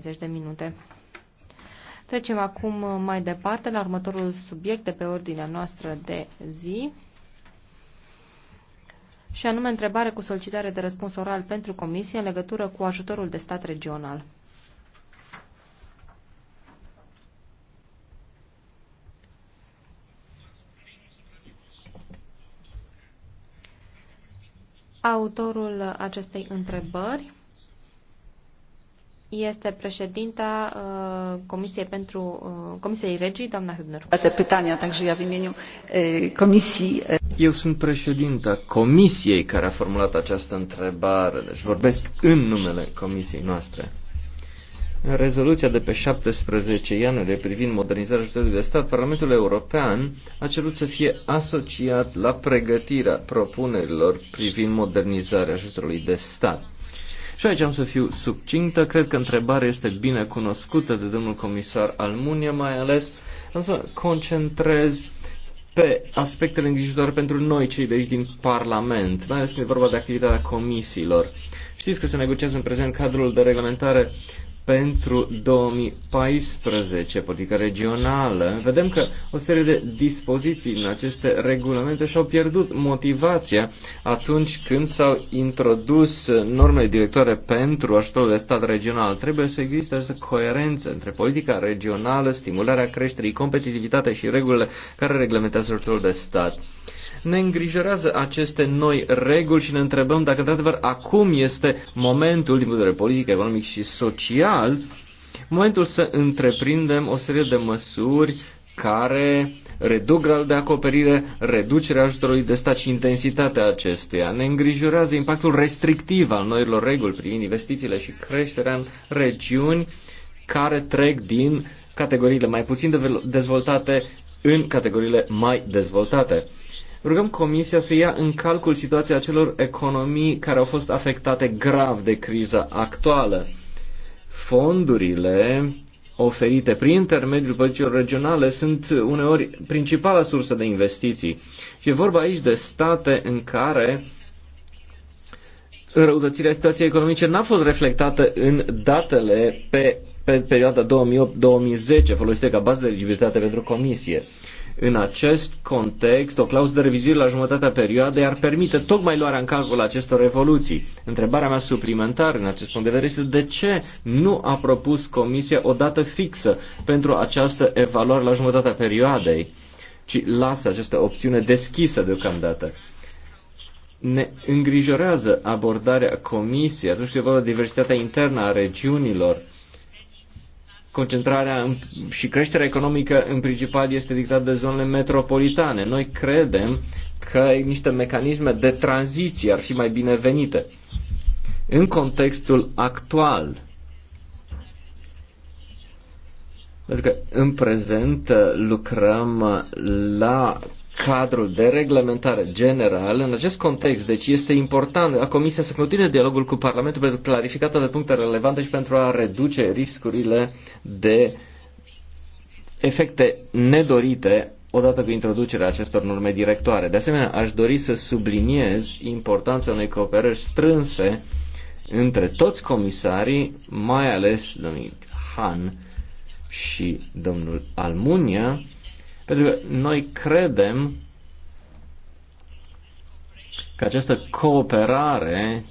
30 de minute. Trecem acum mai departe la următorul subiect de pe ordinea noastră de zi și anume întrebare cu solicitare de răspuns oral pentru Comisie în legătură cu ajutorul de stat regional. Autorul acestei întrebări este președinta uh, Comisiei pentru uh, Comisiei Regii, doamna Hübner. Toate pytania, także ja w imieniu comisiei. Eu sunt președinta Comisiei care a formulat această întrebare, deci vorbesc în numele Comisiei noastre. rezoluția de pe 17 ianuarie privind modernizarea ajutorului de stat, Parlamentul European a cerut să fie asociat la pregătirea propunerilor privind modernizarea ajutorului de stat. Și aici am să fiu subcintă. Cred că întrebarea este bine cunoscută de domnul comisar Almunia, mai ales. Am să concentrez pe aspectele îngrijitoare pentru noi, cei de aici din Parlament, mai ales când e vorba de activitatea comisiilor. Știți că se negociază în prezent cadrul de reglementare pentru 2014, politică regională. Vedem că o serie de dispoziții în aceste regulamente și-au pierdut motivația atunci când s-au introdus normele directoare pentru ajutorul de stat regional. Trebuie să existe această coerență între politica regională, stimularea creșterii, competitivitatea și regulile care reglementează ajutorul de stat. Ne îngrijorează aceste noi reguli și ne întrebăm dacă, într-adevăr, acum este momentul, din punct de vedere politic, economic și social, momentul să întreprindem o serie de măsuri care reduc gradul de acoperire, reducerea ajutorului de stat și intensitatea acesteia. Ne îngrijorează impactul restrictiv al noilor reguli privind investițiile și creșterea în regiuni care trec din categoriile mai puțin dezvoltate în categoriile mai dezvoltate. Rugăm Comisia să ia în calcul situația celor economii care au fost afectate grav de criza actuală. Fondurile oferite prin intermediul politicilor regionale sunt uneori principala sursă de investiții. Și e vorba aici de state în care răutățirea situației economice n-a fost reflectată în datele pe, pe perioada 2008-2010 folosite ca bază de eligibilitate pentru comisie. În acest context, o clauză de revizuire la jumătatea perioadei ar permite tocmai luarea în calcul acestor evoluții. Întrebarea mea suplimentară în acest punct de vedere este de ce nu a propus Comisia o dată fixă pentru această evaluare la jumătatea perioadei, ci lasă această opțiune deschisă deocamdată ne îngrijorează abordarea comisiei atunci când vorba diversitatea internă a regiunilor concentrarea și creșterea economică în principal este dictată de zonele metropolitane. Noi credem că niște mecanisme de tranziție ar fi mai binevenite. În contextul actual, pentru că în prezent uh, lucrăm uh, la cadrul de reglementare general, în acest context, deci este important a Comisia să continue dialogul cu Parlamentul pentru clarificarea de puncte relevante și pentru a reduce riscurile de efecte nedorite odată cu introducerea acestor norme directoare. De asemenea, aș dori să subliniez importanța unei cooperări strânse între toți comisarii, mai ales domnul Han și domnul Almunia, pentru că noi credem că această cooperare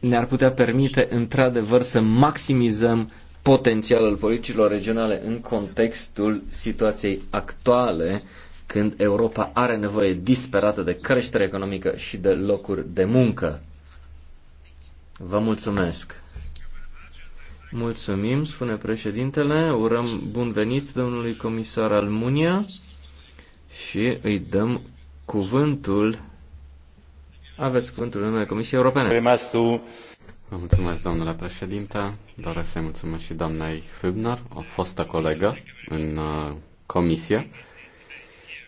ne-ar putea permite într-adevăr să maximizăm potențialul politicilor regionale în contextul situației actuale, când Europa are nevoie disperată de creștere economică și de locuri de muncă. Vă mulțumesc! Mulțumim, spune președintele. Urăm bun venit domnului comisar Almunia și îi dăm cuvântul. Aveți cuvântul domnului numele Comisiei Europene. Vă mulțumesc, domnule președinte. Doresc să-i mulțumesc și doamnei Hübner, o fostă colegă în uh, comisie.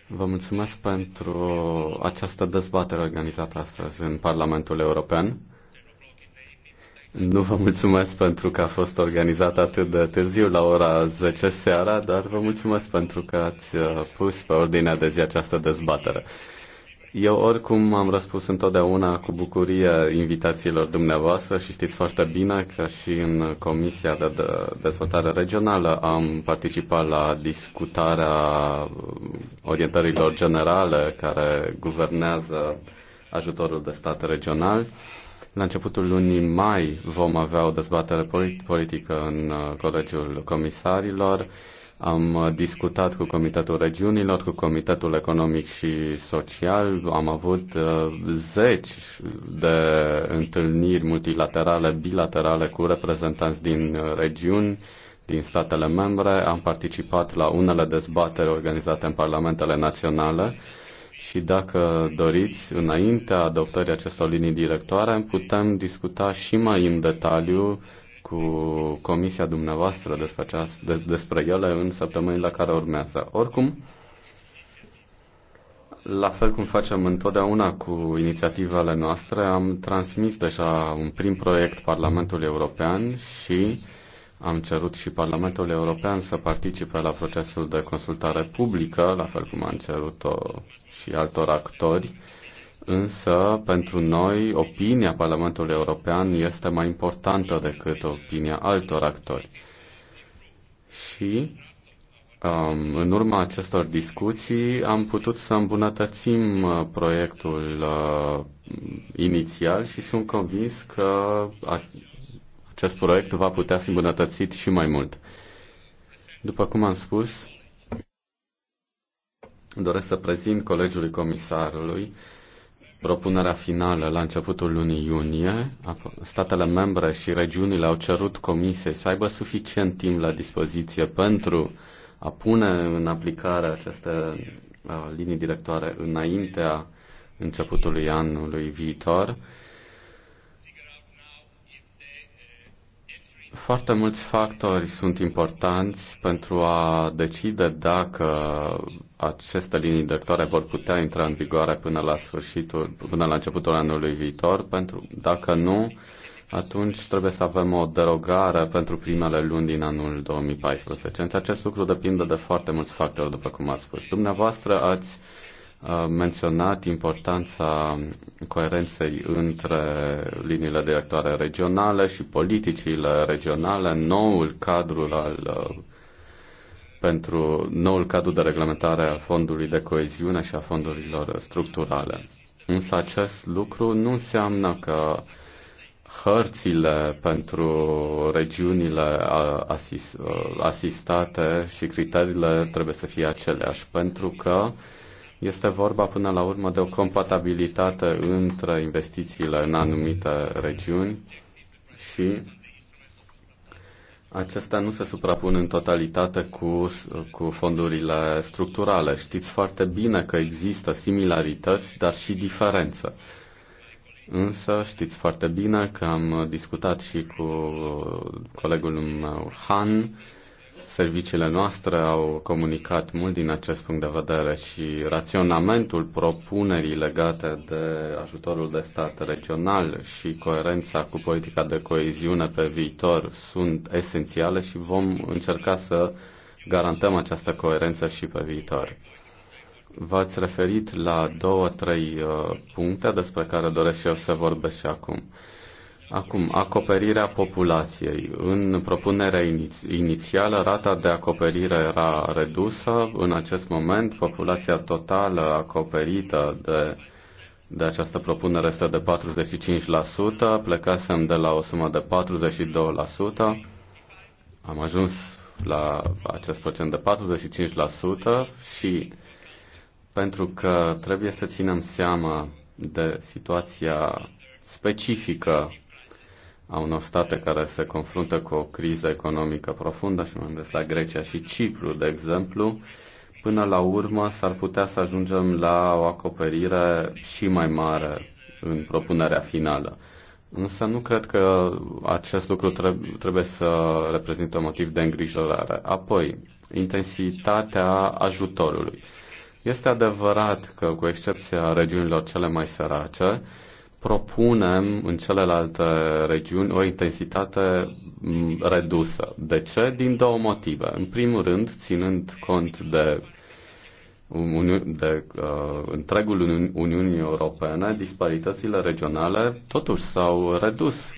Vă mulțumesc pentru această dezbatere organizată astăzi în Parlamentul European. Nu vă mulțumesc pentru că a fost organizat atât de târziu, la ora 10 seara, dar vă mulțumesc pentru că ați uh, pus pe ordinea de zi această dezbatere. Eu oricum am răspuns întotdeauna cu bucurie invitațiilor dumneavoastră și știți foarte bine că și în Comisia de Dezvoltare Regională am participat la discutarea uh, orientărilor generale care guvernează ajutorul de stat regional la începutul lunii mai vom avea o dezbatere politică în uh, Colegiul Comisarilor. Am uh, discutat cu Comitetul Regiunilor, cu Comitetul Economic și Social, am avut uh, zeci de întâlniri multilaterale, bilaterale cu reprezentanți din regiuni, din statele membre, am participat la unele dezbateri organizate în parlamentele naționale și dacă doriți, înaintea adoptării acestor linii directoare, putem discuta și mai în detaliu cu comisia dumneavoastră despre, aceast, de, despre ele în săptămânile care urmează. Oricum, la fel cum facem întotdeauna cu inițiativele noastre, am transmis deja un prim proiect Parlamentului European și am cerut și Parlamentul European să participe la procesul de consultare publică, la fel cum am cerut-o și altor actori, însă pentru noi opinia Parlamentului European este mai importantă decât opinia altor actori. Și um, în urma acestor discuții am putut să îmbunătățim uh, proiectul uh, inițial și sunt convins că acest proiect va putea fi îmbunătățit și mai mult. După cum am spus, Doresc să prezint colegiului comisarului propunerea finală la începutul lunii iunie. Statele membre și regiunile au cerut comisiei să aibă suficient timp la dispoziție pentru a pune în aplicare aceste uh, linii directoare înaintea începutului anului viitor. Foarte mulți factori sunt importanți pentru a decide dacă aceste linii directoare vor putea intra în vigoare până la sfârșitul, până la începutul anului viitor, pentru dacă nu, atunci trebuie să avem o derogare pentru primele luni din anul 2014. Deci acest lucru depinde de foarte mulți factori, după cum ați spus. Dumneavoastră ați menționat importanța coerenței între liniile directoare regionale și politicile regionale, noul cadru al pentru noul cadru de reglementare al fondului de coeziune și a fondurilor structurale. Însă acest lucru nu înseamnă că hărțile pentru regiunile asist, asistate și criteriile trebuie să fie aceleași, pentru că uh, este vorba până la urmă de o compatibilitate între investițiile în anumite regiuni și acestea nu se suprapun în totalitate cu, cu fondurile structurale. Știți foarte bine că există similarități, dar și diferențe. Însă știți foarte bine că am discutat și cu colegul meu Han Serviciile noastre au comunicat mult din acest punct de vedere și raționamentul propunerii legate de ajutorul de stat regional și coerența cu politica de coeziune pe viitor sunt esențiale și vom încerca să garantăm această coerență și pe viitor. V-ați referit la două, trei uh, puncte despre care doresc și eu să vorbesc și acum. Uh, Acum, acoperirea populației. În propunerea inițială, rata de acoperire era redusă. În acest moment, populația totală acoperită de, de această propunere este de 45%. Plecasem de la o sumă de 42%. Am ajuns la acest procent de 45% și pentru că trebuie să ținem seama de situația specifică a unor state care se confruntă cu o criză economică profundă și mă gândesc la Grecia și Cipru, de exemplu, până la urmă s-ar putea să ajungem la o acoperire și mai mare în propunerea finală. Însă nu cred că acest lucru trebuie să reprezintă motiv de îngrijorare. Apoi, intensitatea ajutorului. Este adevărat că, cu excepția regiunilor cele mai sărace, propunem în celelalte regiuni o intensitate mm, redusă. De ce? Din două motive. În primul rând, ținând cont de de uh, întregul Uni- Uniunii Europene, disparitățile regionale totuși s-au redus.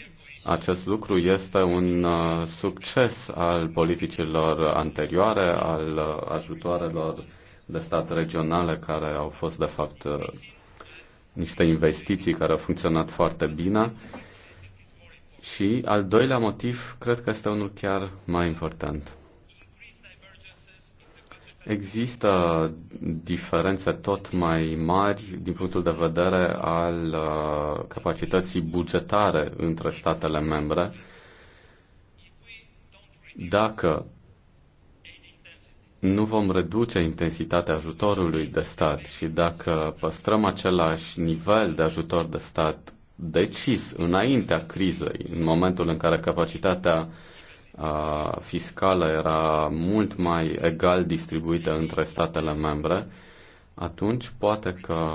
Acest lucru este un uh, succes al politicilor anterioare, al uh, ajutoarelor de stat regionale care au fost, de fapt, uh, niște investiții care au funcționat foarte bine. Și al doilea motiv, cred că este unul chiar mai important. Există diferențe tot mai mari din punctul de vedere al uh, capacității bugetare între statele membre. Dacă nu vom reduce intensitatea ajutorului de stat și dacă păstrăm același nivel de ajutor de stat decis înaintea crizei, în momentul în care capacitatea fiscală era mult mai egal distribuită între statele membre, atunci poate că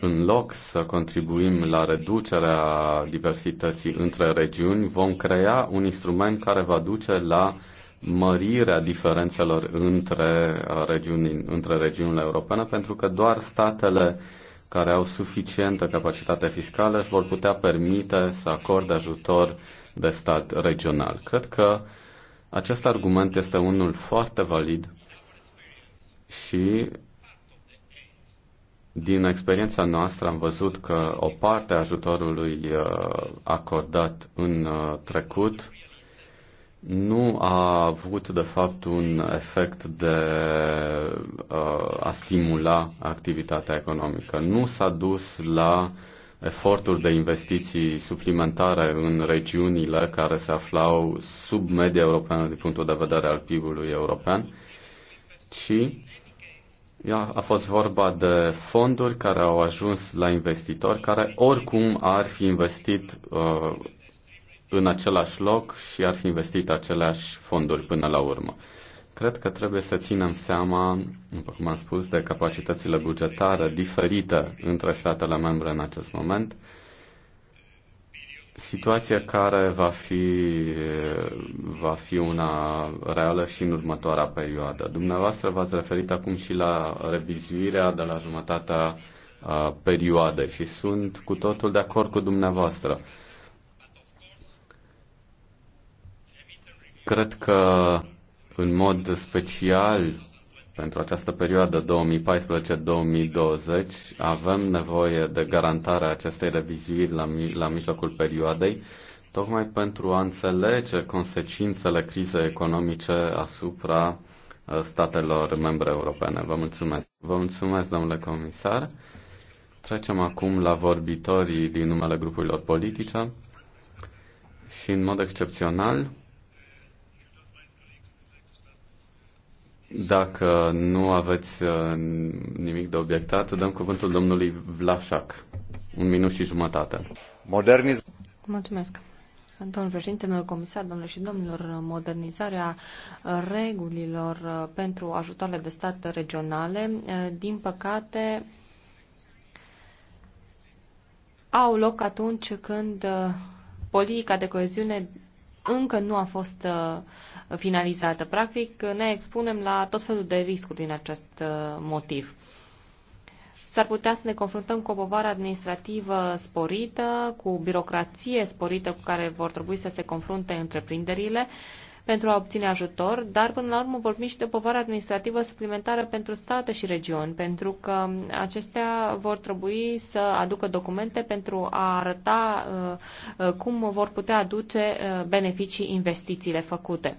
în loc să contribuim la reducerea diversității între regiuni, vom crea un instrument care va duce la uh, mărirea diferențelor între, uh, regiuni, între regiunile europene, pentru că doar statele care au suficientă capacitate fiscală își vor putea permite să acorde ajutor de stat regional. Cred că acest argument este unul foarte valid și din experiența noastră am văzut că o parte a ajutorului uh, acordat în uh, trecut nu a avut de fapt un efect de uh, a stimula activitatea economică. Nu s-a dus la eforturi de investiții suplimentare în regiunile care se aflau sub media europeană din punctul de vedere al PIB-ului european, ci a fost vorba de fonduri care au ajuns la investitori care oricum ar fi investit uh, în același loc și ar fi investit aceleași fonduri până la urmă. Cred că trebuie să ținem seama, după cum am spus, de capacitățile bugetare diferite între statele membre în acest moment, situația care va fi, va fi una reală și în următoarea perioadă. Dumneavoastră v-ați referit acum și la revizuirea de la jumătatea perioadei și sunt cu totul de acord cu dumneavoastră. Cred că în mod special pentru această perioadă 2014-2020 avem nevoie de garantarea acestei revizuiri la, la mijlocul perioadei, tocmai pentru a înțelege consecințele crizei economice asupra uh, statelor membre europene. Vă mulțumesc. Vă mulțumesc, domnule comisar. Trecem acum la vorbitorii din numele grupurilor politice și, în mod excepțional, Dacă nu aveți uh, nimic de obiectat, dăm cuvântul domnului Vlașac. Un minut și jumătate. Moderniz... Mulțumesc. Domnul președinte, domnul comisar, domnule și domnilor, modernizarea regulilor uh, pentru ajutoarele de stat regionale, uh, din păcate, au loc atunci când politica de coeziune încă nu a fost uh, finalizată. Practic, ne expunem la tot felul de riscuri din acest uh, motiv. S-ar putea să ne confruntăm cu o povară administrativă sporită, cu birocrație sporită cu care vor trebui să se confrunte întreprinderile pentru a obține ajutor, dar până la urmă vorbim și de o povară administrativă suplimentară pentru state și regiuni, pentru că acestea vor trebui să aducă documente pentru a arăta uh, uh, cum vor putea aduce beneficii investițiile făcute.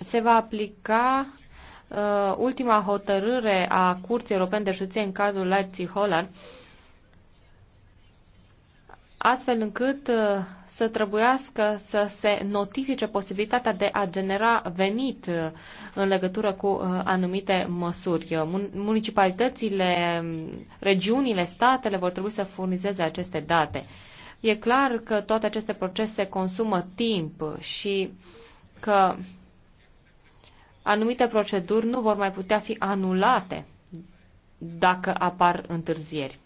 se va aplica uh, ultima hotărâre a Curții Europene de Justiție în cazul Leipzig-Holland, astfel încât uh, să trebuiască să se notifice posibilitatea de a genera venit uh, în legătură cu uh, anumite măsuri. Municipalitățile, um, regiunile, statele vor trebui să furnizeze aceste date. E clar că toate aceste procese consumă timp și că anumite proceduri nu vor mai putea fi anulate dacă apar întârzieri.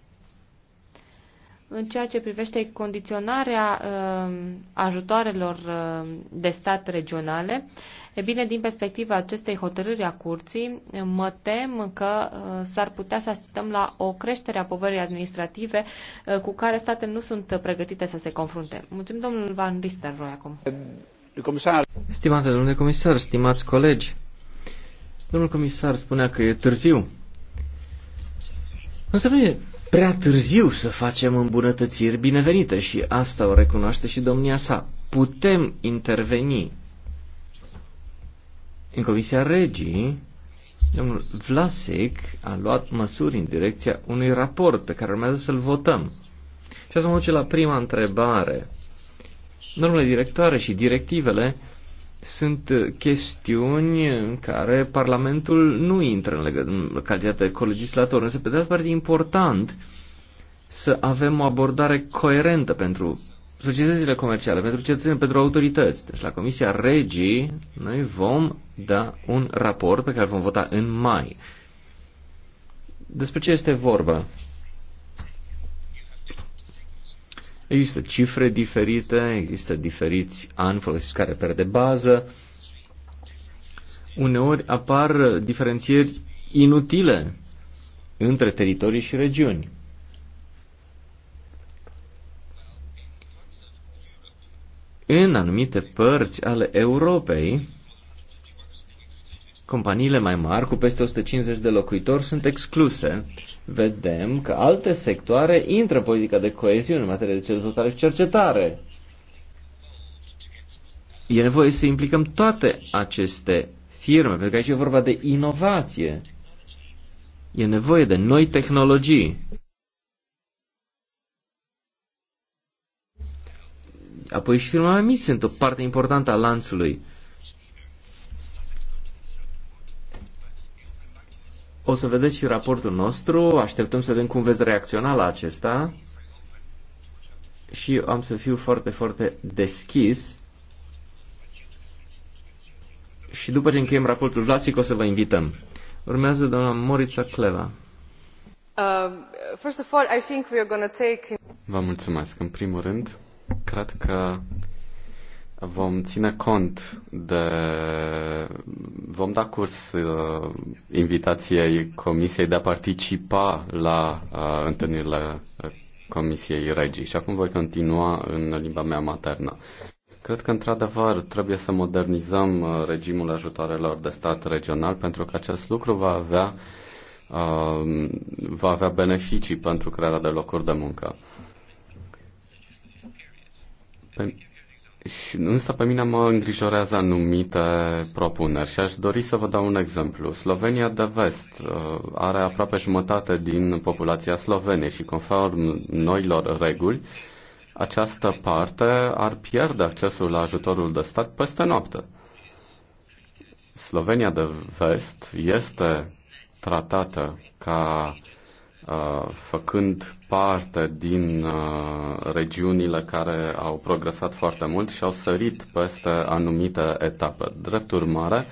În ceea ce privește condiționarea uh, ajutoarelor uh, de stat regionale, e bine, din perspectiva acestei hotărâri a curții, mă tem că uh, s-ar putea să asistăm la o creștere a poverii administrative uh, cu care statele nu sunt pregătite să se confrunte. Mulțumim, domnul Van Risterroy, acum. Comisar. Stimate domnule comisar, stimați colegi, Domnul comisar spunea că e târziu. Însă nu e prea târziu să facem îmbunătățiri binevenite și asta o recunoaște și domnia sa. Putem interveni. În Comisia Regii, domnul Vlasic a luat măsuri în direcția unui raport pe care urmează să-l votăm. Și asta mă duce la prima întrebare. Domnule directoare și directivele sunt uh, chestiuni în care Parlamentul nu intră în, legă, în calitate de colegislator, însă pe de altă parte e important să avem o abordare coerentă pentru societățile comerciale, pentru cetățeni, pentru autorități. Deci la Comisia Regii noi vom da un raport pe care vom vota în mai. Despre ce este vorba? Există cifre diferite, există diferiți ani folosiți care per de bază. Uneori apar diferențieri inutile între teritorii și regiuni. În anumite părți ale Europei, companiile mai mari cu peste 150 de locuitori sunt excluse. Vedem că alte sectoare intră în politica de coeziune în materie de cercetare și cercetare. E nevoie să implicăm toate aceste firme, pentru că aici e vorba de inovație. E nevoie de noi tehnologii. Apoi și firmele mici sunt o parte importantă a lanțului O să vedeți și raportul nostru, așteptăm să vedem cum veți reacționa la acesta și am să fiu foarte, foarte deschis. Și după ce încheiem raportul clasic o să vă invităm. Urmează doamna Morița Cleva. Uh, first of all, I think we are take... Vă mulțumesc. În primul rând, cred că Vom ține cont de. Vom da curs uh, invitației Comisiei de a participa la uh, întâlnirile uh, Comisiei Regii și acum voi continua în limba mea maternă. Cred că, într-adevăr, trebuie să modernizăm uh, regimul ajutoarelor de stat regional pentru că acest lucru va avea, uh, va avea beneficii pentru crearea de locuri de muncă. Pe și, însă pe mine mă îngrijorează anumite propuneri și aș dori să vă dau un exemplu. Slovenia de vest uh, are aproape jumătate din populația slovene și conform noilor reguli, această parte ar pierde accesul la ajutorul de stat peste noapte. Slovenia de vest este tratată ca Uh, făcând parte din uh, regiunile care au progresat foarte mult și au sărit peste anumite etape. Drept urmare,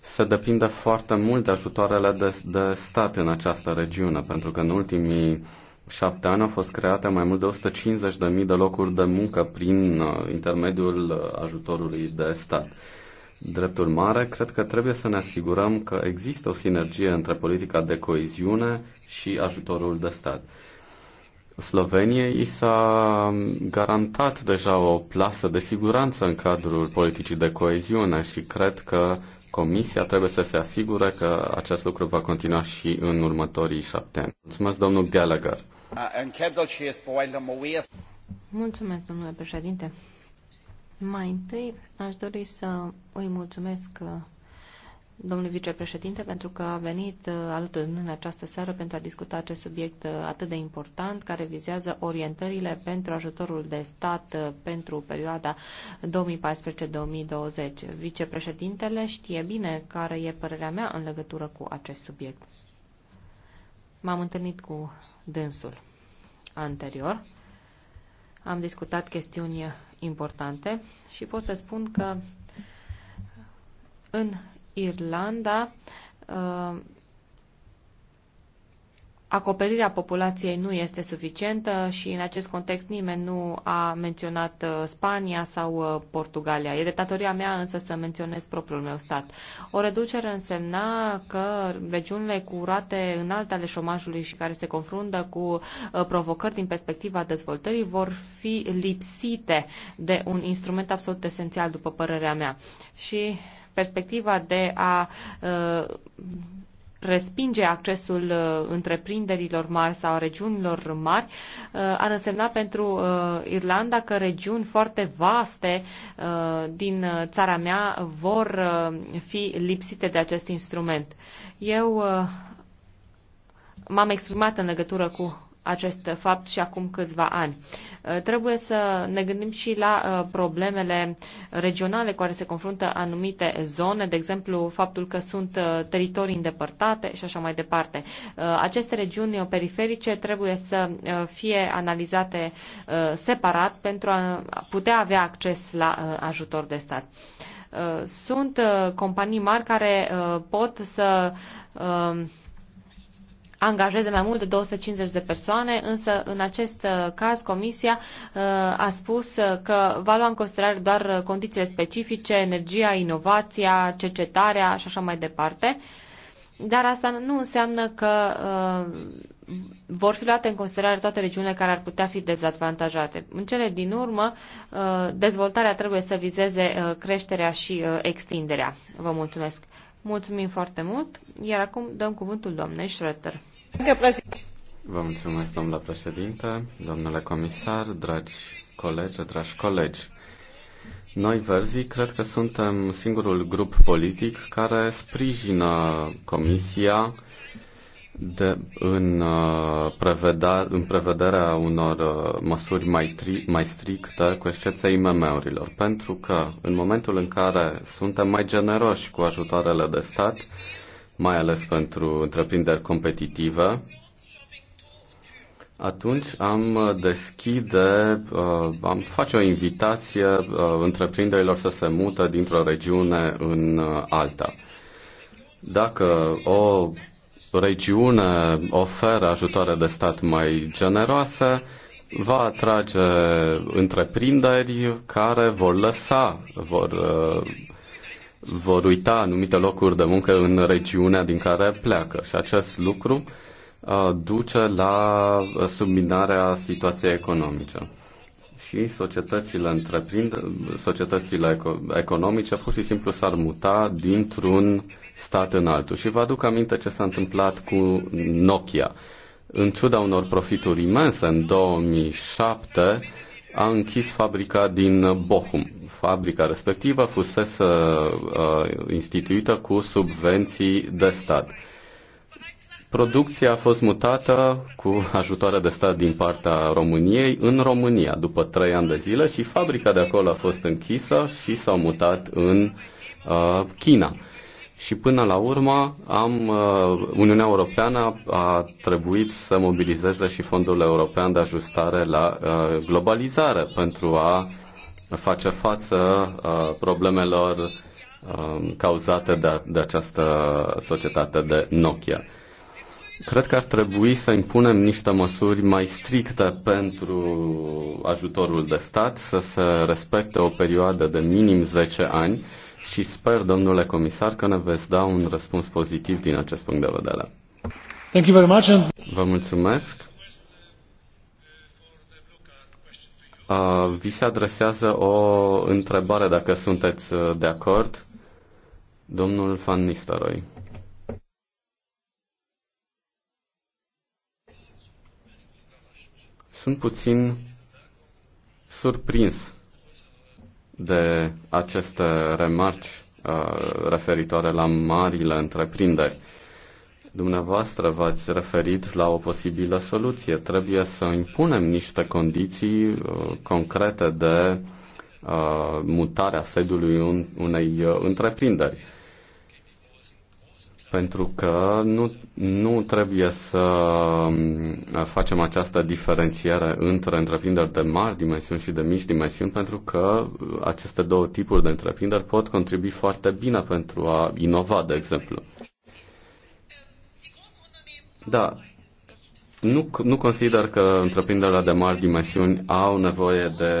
se depinde foarte mult de ajutoarele de, de stat în această regiune, pentru că în ultimii șapte ani au fost create mai mult de 150.000 de locuri de muncă prin uh, intermediul ajutorului de stat. Drept urmare, cred că trebuie să ne asigurăm că există o sinergie între politica de coeziune și ajutorul de stat. Sloveniei i s-a garantat deja o plasă de siguranță în cadrul politicii de coeziune și cred că Comisia trebuie să se asigure că acest lucru va continua și în următorii șapte ani. Mulțumesc, domnul Gallagher. Mulțumesc, domnule președinte. Mai întâi, aș dori să îi mulțumesc uh, domnului vicepreședinte pentru că a venit uh, alături în această seară pentru a discuta acest subiect uh, atât de important care vizează orientările pentru ajutorul de stat pentru perioada 2014-2020. Vicepreședintele știe bine care e părerea mea în legătură cu acest subiect. M-am întâlnit cu dânsul anterior am discutat chestiuni importante și pot să spun că în Irlanda uh, acoperirea populației nu este suficientă și în acest context nimeni nu a menționat uh, Spania sau uh, Portugalia. E de datoria mea însă să menționez propriul meu stat. O reducere însemna că regiunile cu rate înalte ale șomajului și care se confruntă cu uh, provocări din perspectiva dezvoltării vor fi lipsite de un instrument absolut esențial, după părerea mea. Și perspectiva de a respinge accesul uh, întreprinderilor mari sau regiunilor mari uh, ar însemna pentru uh, Irlanda că regiuni foarte vaste din țara mea vor fi lipsite de acest instrument. Eu m-am exprimat în legătură cu acest fapt și acum câțiva ani. Uh, trebuie să ne gândim și la uh, problemele regionale cu care se confruntă anumite zone, de exemplu faptul că sunt uh, teritorii îndepărtate și așa mai departe. Aceste regiuni periferice trebuie să fie analizate separat pentru a putea avea acces la ajutor de stat. Sunt companii mari care pot să angajeze mai mult de 250 de persoane, însă în acest uh, caz Comisia uh, a spus uh, că va lua în considerare doar condițiile specifice, energia, inovația, cercetarea și așa mai departe. Dar asta nu înseamnă că uh, vor fi luate în considerare toate regiunile care ar putea fi dezavantajate. În cele din urmă, uh, dezvoltarea trebuie să vizeze uh, creșterea și uh, extinderea. Vă mulțumesc! Mulțumim foarte mult, iar acum dăm cuvântul doamnei Schröter. Vă mulțumesc, doamna președinte, domnule comisar, dragi colegi, dragi colegi. Noi, Verzi, cred că suntem singurul grup politic care sprijină Comisia de, în, uh, în prevederea unor uh, măsuri mai, tri, mai stricte, cu excepția IMM-urilor, pentru că în momentul în care suntem mai generoși cu ajutoarele de stat, mai ales pentru întreprinderi competitive, atunci am deschide, uh, am face o invitație uh, întreprinderilor să se mută dintr-o regiune în uh, alta. Dacă o regiune oferă ajutoare de stat mai generoase, va atrage întreprinderi care vor lăsa, vor vor uita anumite locuri de muncă în regiunea din care pleacă și acest lucru uh, duce la subminarea situației economice. Și societățile, întreprind, societățile economice pur și simplu s-ar muta dintr-un stat în altul. Și vă aduc aminte ce s-a întâmplat cu Nokia. În ciuda unor profituri imense în 2007, a închis fabrica din Bochum. Fabrica respectivă fusese uh, instituită cu subvenții de stat. Producția a fost mutată cu ajutoare de stat din partea României în România după trei ani de zile și fabrica de acolo a fost închisă și s a mutat în uh, China și până la urmă am, uh, Uniunea Europeană a trebuit să mobilizeze și Fondul European de Ajustare la uh, Globalizare pentru a face față uh, problemelor cauzate de, de această societate de Nokia. Cred că ar trebui să impunem niște măsuri mai stricte pentru ajutorul de stat, să se respecte o perioadă de minim 10 ani și sper, domnule comisar, că ne veți da un răspuns pozitiv din acest punct de vedere. Thank you very much. Vă mulțumesc. Uh, vi se adresează o întrebare, dacă sunteți uh, de acord. Domnul Van Nistelrooy. Sunt puțin surprins de aceste remarci uh, referitoare la marile întreprinderi. Dumneavoastră v-ați referit la o posibilă soluție. Trebuie să impunem niște condiții uh, concrete de uh, mutarea sediului un, unei uh, întreprinderi pentru că nu, nu trebuie să um, facem această diferențiere între întreprinderi de mari dimensiuni și de mici dimensiuni, pentru că aceste două tipuri de întreprinderi pot contribui foarte bine pentru a inova, de exemplu. Da, nu, nu consider că întreprinderile de mari dimensiuni au nevoie de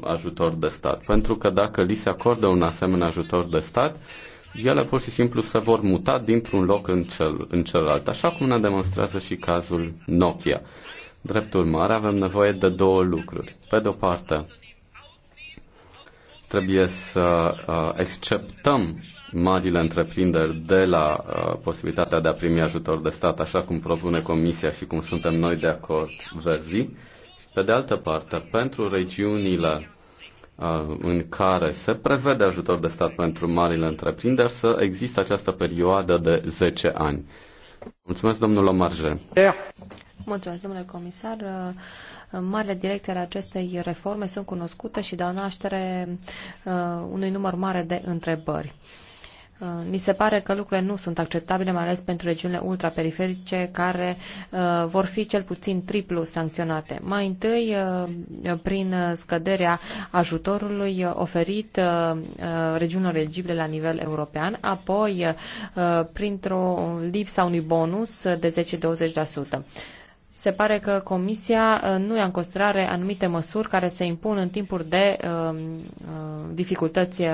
ajutor de stat, pentru că dacă li se acordă un asemenea ajutor de stat, ele pur și simplu se vor muta dintr-un loc în, cel, în celălalt, așa cum ne demonstrează și cazul Nokia. Drept urmare, avem nevoie de două lucruri. Pe de o parte, trebuie să uh, exceptăm marile întreprinderi de la uh, posibilitatea de a primi ajutor de stat, așa cum propune Comisia și cum suntem noi de acord verzi. Pe de altă parte, pentru regiunile Uh, în care se prevede ajutor de stat pentru marile întreprinderi să există această perioadă de 10 ani. Mulțumesc, domnul Omarje. Mulțumesc, domnule comisar. Uh, marile directe ale acestei reforme sunt cunoscute și dau naștere uh, unui număr mare de întrebări. Uh, mi se pare că lucrurile nu sunt acceptabile, mai ales pentru regiunile ultraperiferice, care uh, vor fi cel puțin triplu sancționate. Mai întâi, uh, prin scăderea ajutorului oferit regiunilor eligibile la nivel european, apoi printr-o lipsa unui bonus de 10-20% se pare că Comisia uh, nu ia în considerare anumite măsuri care se impun în timpuri de uh, uh dificultăți uh,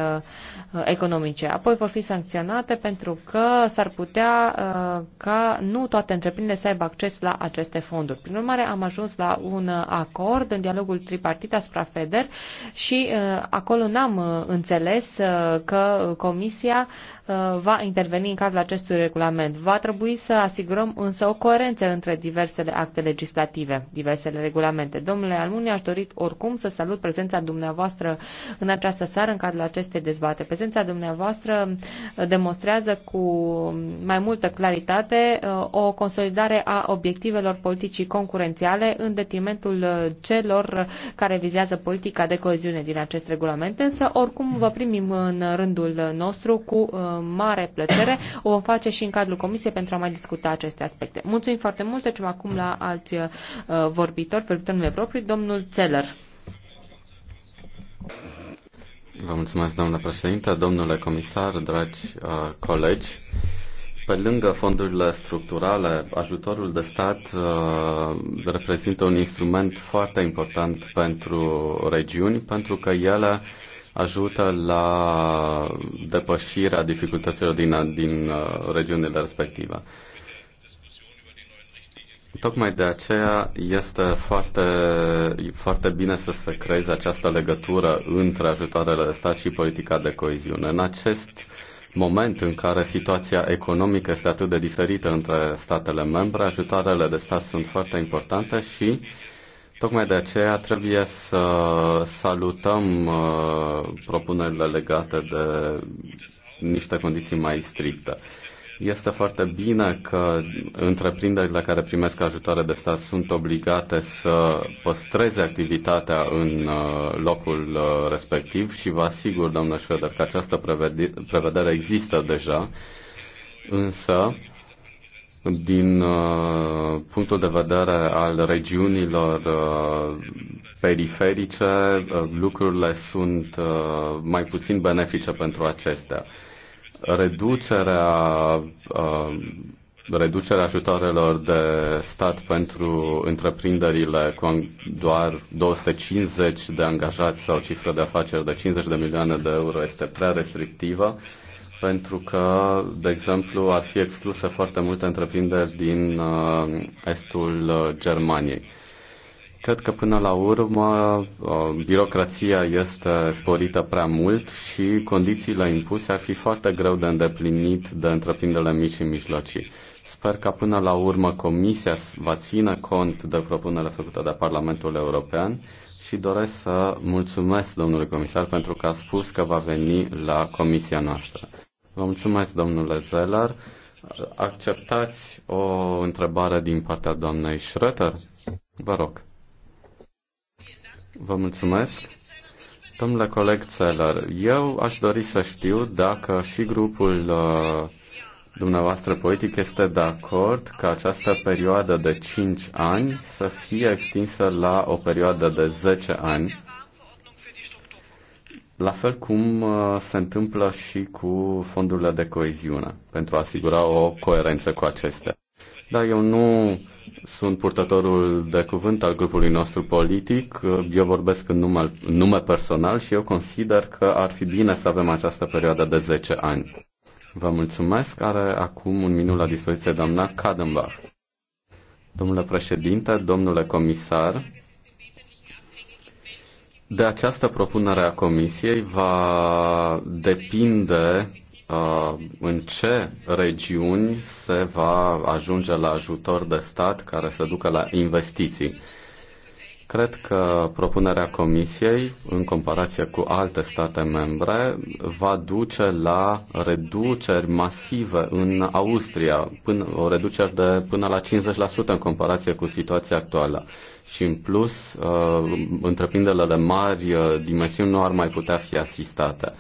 economice. Apoi vor fi sancționate pentru că s-ar putea uh, ca nu toate întreprinderile să aibă acces la aceste fonduri. Prin urmare, am ajuns la un acord în dialogul tripartit asupra FEDER și uh, acolo n-am înțeles că Comisia uh, Uh, va interveni în cadrul acestui regulament. Va trebui să asigurăm însă o coerență între diversele acte legislative, diversele regulamente. Domnule Almune, aș dori oricum să salut prezența dumneavoastră în această seară în cadrul acestei dezbate. Prezența dumneavoastră uh, demonstrează cu mai multă claritate uh, o consolidare a obiectivelor politicii concurențiale în detrimentul celor care vizează politica de coeziune din acest regulament, însă oricum vă primim în rândul nostru cu mare plăcere. O vom face și în cadrul comisiei pentru a mai discuta aceste aspecte. Mulțumim foarte mult, trecem acum la alți uh, vorbitori, vorbitor meu propriu, domnul Țeller. Vă mulțumesc, doamnă președinte, domnule comisar, dragi uh, colegi. Pe lângă fondurile structurale, ajutorul de stat uh, reprezintă un instrument foarte important pentru regiuni, pentru că ele uh, ajută la depășirea dificultăților din, din uh, regiunile respective. Tocmai de aceea este foarte, foarte bine să se creeze această legătură între ajutoarele de stat și politica de coeziune. În acest moment în care situația economică este atât de diferită între statele membre, ajutoarele de stat sunt foarte importante și uh, Tocmai de aceea trebuie să salutăm uh, propunerile legate de niște condiții mai stricte. Este foarte bine că întreprinderile care primesc ajutoare de stat sunt obligate să păstreze activitatea în uh, locul uh, respectiv și vă asigur, domnule Schroeder, că această prevedere există deja, însă din uh, punctul de vedere al regiunilor uh, periferice, uh, lucrurile sunt mai puțin benefice pentru acestea. Reducerea reducerea ajutoarelor de stat pentru întreprinderile cu doar 250 de angajați sau cifră de afaceri de 50 de milioane de euro este prea restrictivă pentru că, de exemplu, ar fi excluse foarte multe întreprinderi din uh, estul uh, Germaniei. Cred că până la urmă uh, birocrația este sporită prea mult și condițiile impuse ar fi foarte greu de îndeplinit de întreprinderile mici și mijlocii. Sper că până la urmă Comisia va ține cont de propunerea făcută de Parlamentul European și doresc să mulțumesc domnului comisar pentru că a spus că va veni la comisia noastră. Vă mulțumesc, domnule Zeller. Acceptați o întrebare din partea doamnei Schröter, Vă rog. Vă mulțumesc. Domnule coleg Zeller, eu aș dori să știu dacă și grupul uh, dumneavoastră politic este de acord ca această perioadă de 5 ani să fie extinsă la o perioadă de 10 ani la fel cum uh, se întâmplă și cu fondurile de coeziune, pentru a asigura o coerență cu acestea. Da, eu nu sunt purtătorul de cuvânt al grupului nostru politic, eu vorbesc în nume, nume personal și eu consider că ar fi bine să avem această perioadă de 10 ani. Vă mulțumesc. Are acum un minut la dispoziție doamna Kadenbach. Domnule președinte, domnule comisar, de această propunere a Comisiei va depinde uh, în ce regiuni se va ajunge la ajutor de stat care să ducă la investiții. Cred că propunerea Comisiei, în comparație cu alte state membre, va duce la reduceri masive în Austria, până, o reducere de până la 50% în comparație cu situația actuală. Și în plus, uh, întreprinderile mari, uh, dimensiuni nu ar mai putea fi asistate.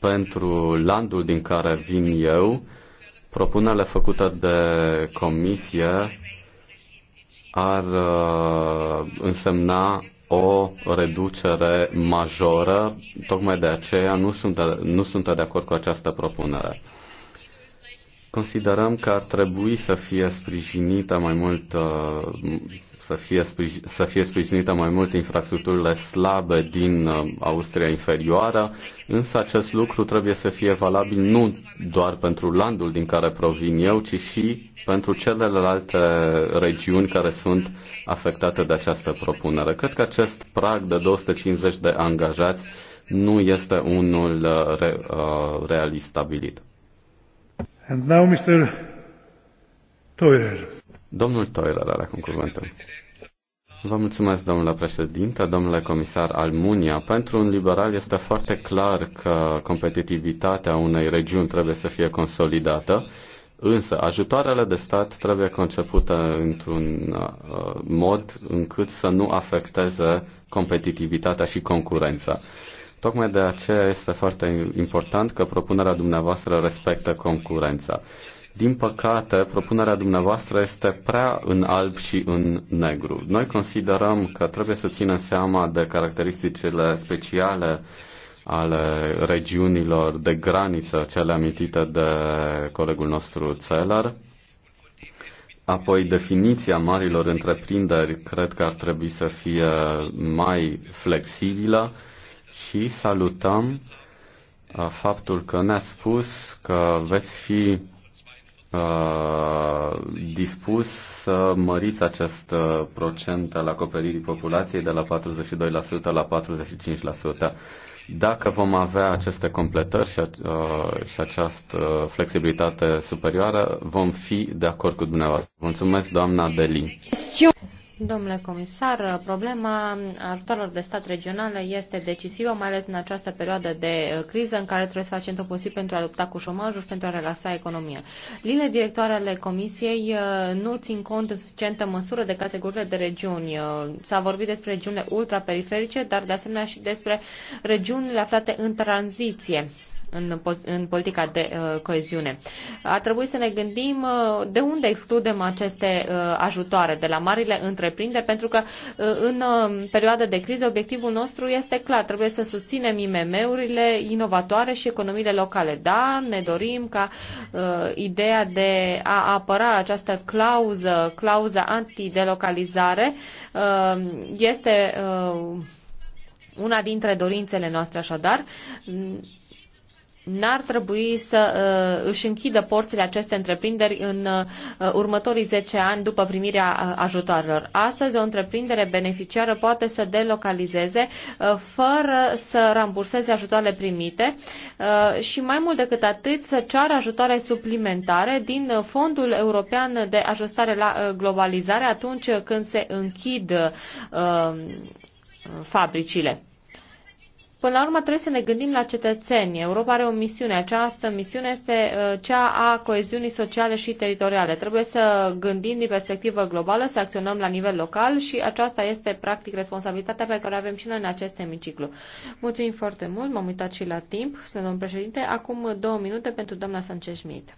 Pentru landul din care vin eu, propunerile făcute de Comisie ar uh, însemna o reducere majoră, tocmai de aceea nu sunt nu sunt de acord cu această propunere. Considerăm că ar trebui să fie sprijinită mai mult uh, să fie, sprijin, să fie sprijinită mai mult infrastructurile slabe din uh, Austria inferioară, însă acest lucru trebuie să fie valabil nu doar pentru landul din care provin eu, ci și pentru celelalte regiuni care sunt afectate de această propunere. Cred că acest prag de 250 de angajați nu este unul uh, re, uh, realist stabilit. And now, Mr. Teurer. Domnul Toiler are acum cuvântul. Vă mulțumesc, domnule președinte, domnule comisar Almunia. Pentru un liberal este foarte clar că competitivitatea unei regiuni trebuie să fie consolidată, însă ajutoarele de stat trebuie concepute într-un uh, mod încât să nu afecteze competitivitatea și concurența. Tocmai de aceea este foarte important că propunerea dumneavoastră respectă concurența. Din păcate, propunerea dumneavoastră este prea în alb și în negru. Noi considerăm că trebuie să ținem seama de caracteristicile speciale ale regiunilor de graniță, cele amintite de colegul nostru Țeler. Apoi, definiția marilor întreprinderi cred că ar trebui să fie mai flexibilă și salutăm uh, faptul că ne-ați spus că veți fi Uh, dispus să măriți acest uh, procent al acoperirii populației de la 42% la 45%. Dacă vom avea aceste completări și, uh, și această flexibilitate superioară, vom fi de acord cu dumneavoastră. Mulțumesc, doamna Deli. Domnule comisar, problema ajutorilor de stat regionale este decisivă, mai ales în această perioadă de uh, criză în care trebuie să facem tot posibil pentru a lupta cu șomajul și pentru a relaxa economia. Linile directoare ale Comisiei uh, nu țin cont în suficientă măsură de categoriile de regiuni. Uh, s-a vorbit despre regiunile ultraperiferice, dar de asemenea și despre regiunile aflate în tranziție în, în politica de uh, coeziune. A trebuit să ne gândim uh, de unde excludem aceste uh, ajutoare de la marile întreprinderi, pentru că uh, în uh, perioada de criză obiectivul nostru este clar, trebuie să susținem IMM-urile inovatoare și economiile locale. Da, ne dorim ca uh, ideea de a apăra această clauză, clauza antidelocalizare, uh, este uh, una dintre dorințele noastre așadar. Uh, n-ar trebui să uh, își închidă porțile aceste întreprinderi în uh, următorii 10 ani după primirea uh, ajutoarelor. Astăzi, o întreprindere beneficiară poate să delocalizeze uh, fără să ramburseze ajutoarele primite uh, și mai mult decât atât să ceară ajutoare suplimentare din uh, Fondul European de Ajustare la uh, Globalizare atunci când se închid uh, fabricile. Până la urmă trebuie să ne gândim la cetățeni. Europa are o misiune. Această misiune este uh, cea a coeziunii sociale și teritoriale. Trebuie să gândim din perspectivă globală, să acționăm la nivel local și aceasta este practic responsabilitatea pe care o avem și noi în acest hemiciclu. Mulțumim foarte mult, m-am uitat și la timp, spune domnul președinte. Acum două minute pentru doamna Sanchez-Schmidt.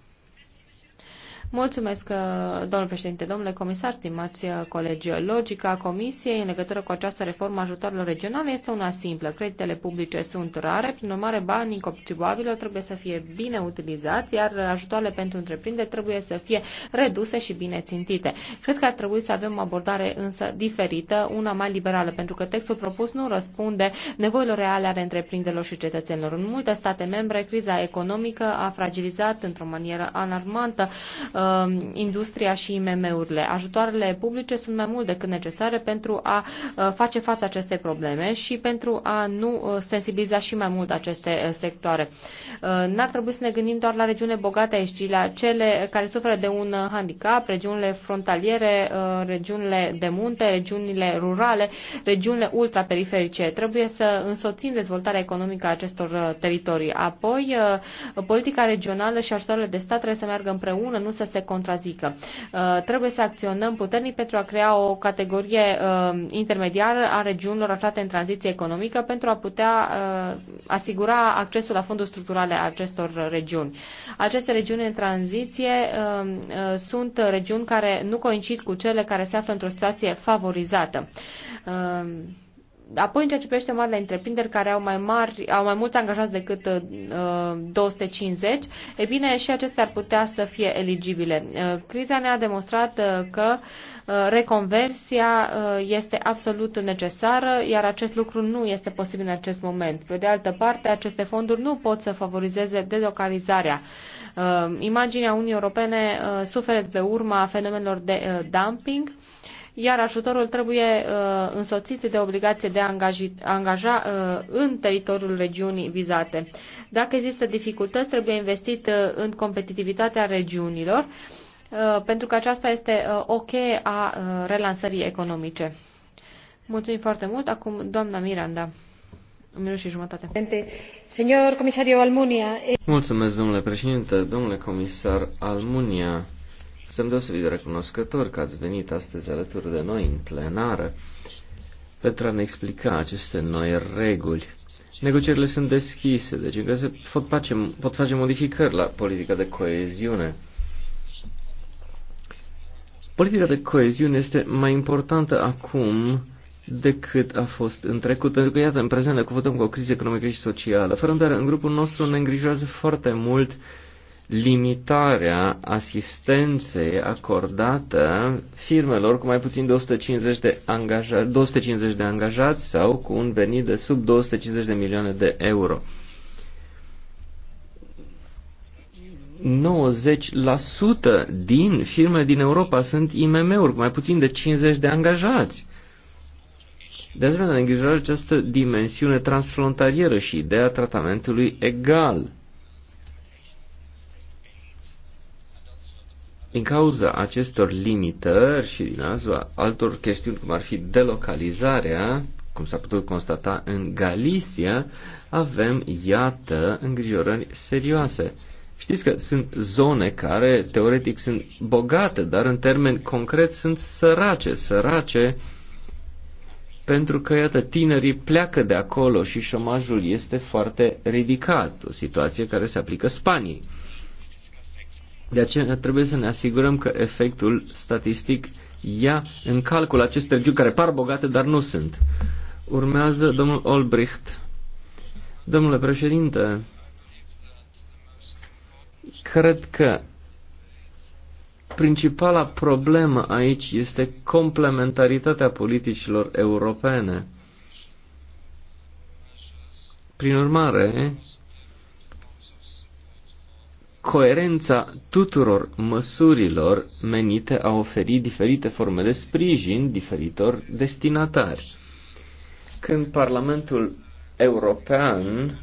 Mulțumesc, uh, domnule președinte, domnule comisar, stimați uh, colegi. Logica Comisiei în legătură cu această reformă ajutorilor regionale este una simplă. Creditele publice sunt rare, prin urmare banii contribuabilor trebuie să fie bine utilizați, iar ajutoarele pentru întreprinderi trebuie să fie reduse și bine țintite. Cred că ar trebui să avem o abordare însă diferită, una mai liberală, pentru că textul propus nu răspunde nevoilor reale ale întreprinderilor și cetățenilor. În multe state membre, criza economică a fragilizat într-o manieră alarmantă uh, Uh, industria și IMM-urile. Ajutoarele publice sunt mai mult decât necesare pentru a uh, face față acestei probleme și pentru a nu uh, sensibiliza și mai mult aceste sectoare. N-ar trebui să ne gândim doar la regiune bogate aici, ci la cele care suferă de un handicap, regiunile frontaliere, regiunile de munte, regiunile rurale, regiunile ultraperiferice. Trebuie să însoțim dezvoltarea economică a acestor teritorii. Apoi, politica regională și ajutoarele de stat trebuie să meargă împreună, nu să se contrazică. Uh, trebuie să acționăm puternic pentru a crea o categorie uh, intermediară a regiunilor aflate în tranziție economică pentru a putea uh, asigura accesul la fonduri structurale a acestor regiuni. Aceste regiuni în tranziție sunt regiuni care nu coincid cu cele care se află într-o situație favorizată. Apoi, în ceea ce privește marile întreprinderi care au mai mari, au mai mulți angajați decât uh, 250, e bine, și acestea ar putea să fie eligibile. Uh, criza ne-a demonstrat uh, că uh, reconversia uh, este absolut necesară, iar acest lucru nu este posibil în acest moment. Pe de altă parte, aceste fonduri nu pot să favorizeze delocalizarea. Uh, imaginea Uniunii Europene uh, suferă de pe urma fenomenelor de uh, dumping. Uh, iar ajutorul trebuie uh, însoțit de obligație de a angaji, angaja uh, în teritoriul regiunii vizate. Dacă există dificultăți, trebuie investit uh, în competitivitatea regiunilor, pentru că aceasta este o cheie a relansării economice. Mulțumim foarte mult. Acum, doamna Miranda. Un minut și jumătate. Eh- Mulțumesc, domnule președinte, domnule comisar Almunia. Suntem deosebit de recunoscători că ați venit astăzi alături de noi în plenară pentru a ne explica aceste noi reguli. Negocierile sunt deschise, deci încă se pot face, pot face modificări la politica de coeziune. Politica de coeziune este mai importantă acum decât a fost în trecut, pentru că, iată, în prezent ne cuvântăm cu o criză economică și socială. Fără îndoială, în grupul nostru ne îngrijorează foarte mult uh, limitarea asistenței acordată firmelor cu mai puțin de 150 de, angaja, 250 de angajați sau cu un venit de sub 250 de milioane de euro. 90% din firmele din Europa sunt IMM-uri cu mai puțin de 50 de angajați. De asemenea, ne îngrijorează această dimensiune transfrontalieră și ideea tratamentului egal Din cauza acestor limitări și din azva altor chestiuni, cum ar fi delocalizarea, cum s-a putut constata în Galicia, avem, iată, îngrijorări serioase. Știți că sunt zone care, teoretic, sunt bogate, dar în termeni concret sunt sărace, sărace, pentru că, iată, tinerii pleacă de acolo și șomajul este foarte ridicat, o situație care se aplică Spaniei. De aceea trebuie să ne asigurăm că efectul statistic ia în calcul aceste regiuni care par bogate, dar nu sunt. Urmează domnul Olbricht. Domnule președinte, cred că principala problemă aici este complementaritatea politicilor europene. Prin urmare, coerența tuturor măsurilor menite a oferi diferite forme de sprijin diferitor destinatari. Când Parlamentul European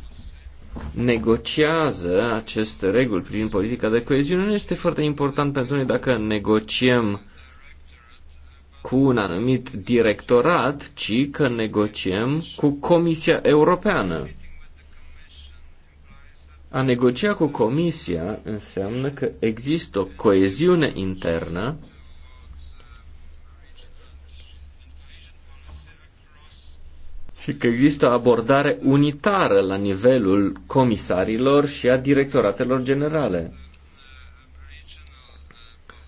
negociază aceste reguli prin politica de coeziune, nu este foarte important pentru noi dacă negociem cu un anumit directorat, ci că negociem cu Comisia Europeană. A negocia cu Comisia înseamnă că există o coeziune internă și că există o abordare unitară la nivelul comisarilor și a directoratelor generale.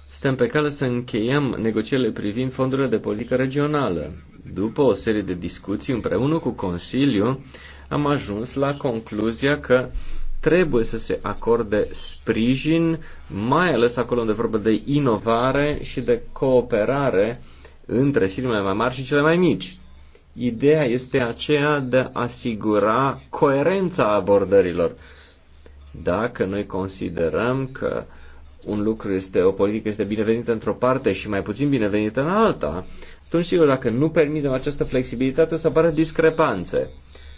Suntem pe cale să încheiem negocierile privind fondurile de politică regională. După o serie de discuții împreună cu Consiliu, am ajuns la concluzia că trebuie să se acorde sprijin, mai ales acolo unde vorbă de inovare și de cooperare între firmele mai mari și cele mai mici. Ideea este aceea de a asigura coerența abordărilor. Dacă noi considerăm că un lucru este, o politică este binevenită într-o parte și mai puțin binevenită în alta, atunci, sigur, dacă nu permitem această flexibilitate, să apară discrepanțe.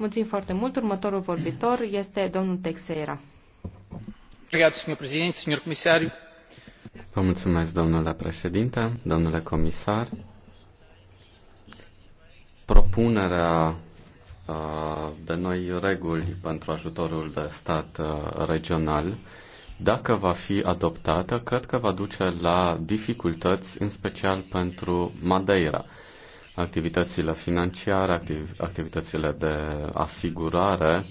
Mulțumim foarte mult. Următorul vorbitor este domnul Texeira. Vă mulțumesc, domnule președinte, domnule comisar. Propunerea uh, de noi reguli pentru ajutorul de stat uh, regional, dacă va fi adoptată, cred că va duce la dificultăți, în special pentru Madeira activitățile financiare, activ, activitățile de asigurare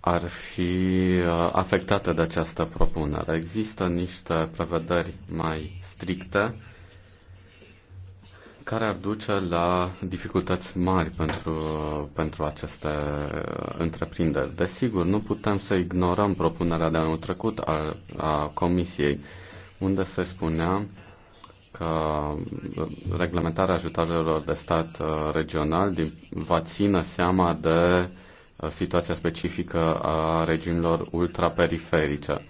ar fi uh, afectate de această propunere. Există niște prevederi mai stricte care ar duce la dificultăți mari pentru, pentru aceste întreprinderi. Desigur, nu putem să ignorăm propunerea de anul trecut a, a Comisiei, unde se spunea că uh, reglementarea ajutoarelor de stat uh, regional va ține seama de uh, situația specifică a regiunilor ultraperiferice.